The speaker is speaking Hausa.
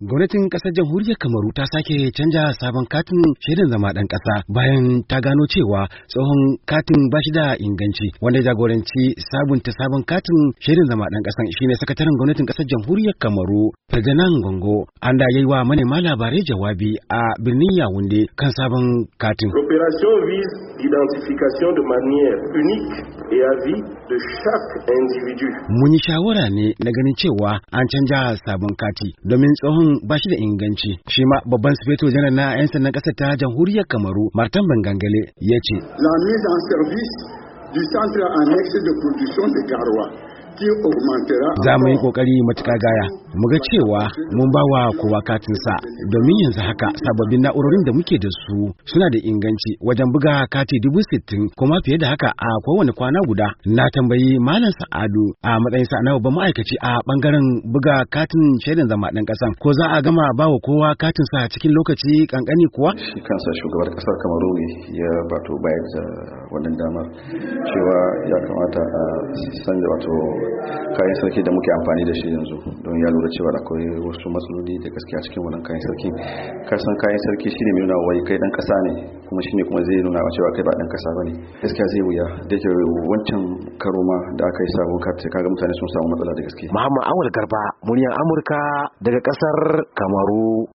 Gwamnatin ƙasar jamhuriyar Kamaru ta sake canja sabon katin shaidan zama ɗan ƙasa bayan ta gano cewa tsohon katin ba shi da inganci wanda jagoranci sabunta sabon katin shaidan zama ɗan ƙasan shine sakataren gwamnatin ƙasar jamhuriyar Kamaru Ferdinand Gongo an da yayi wa manema labarai jawabi a birnin Yaounde kan sabon katin. L'opération vise l'identification de manière unique et à vie de chaque individu. Mun yi shawara ne na ganin cewa an canja sabon kati domin tsohon din ba shi da inganci shi ma babban sufeto janar na 'yan sandan ƙasar ta jamhuriyar kamaru martin bangangale ya ce la mise en service du centre annexe de production de garoua za mu yi kokari matuƙa gaya mu ga cewa mun ba wa kowa katinsa domin yanzu haka sababbin na'urorin da muke da su suna da inganci wajen buga kati dubu sittin kuma fiye da haka a kowane kwana guda na tambayi malam sa'adu a matsayinsa na babban ma'aikaci a bangaren buga katin shaidan zama ɗan ƙasan ko za a gama ba wa kowa katinsa cikin lokaci kankani kuwa shi kansa shugabar ƙasar kamaru ya bato bayar da wannan damar cewa ya kamata a sanya wato kayan sarki da muke amfani da shi yanzu don ya lura cewa akwai wasu matsaloli da gaskiya cikin wannan kayan sarki kasan kayan sarki shine mai nuna wai kai dan kasa ne kuma shine kuma zai nuna cewa kai ba dan kasa bane gaskiya zai wuya da ke wancan karo ma da aka yi sabon karta kaga mutane sun samu matsala da gaske Muhammad Awul Garba muryan Amurka daga kasar Kamaru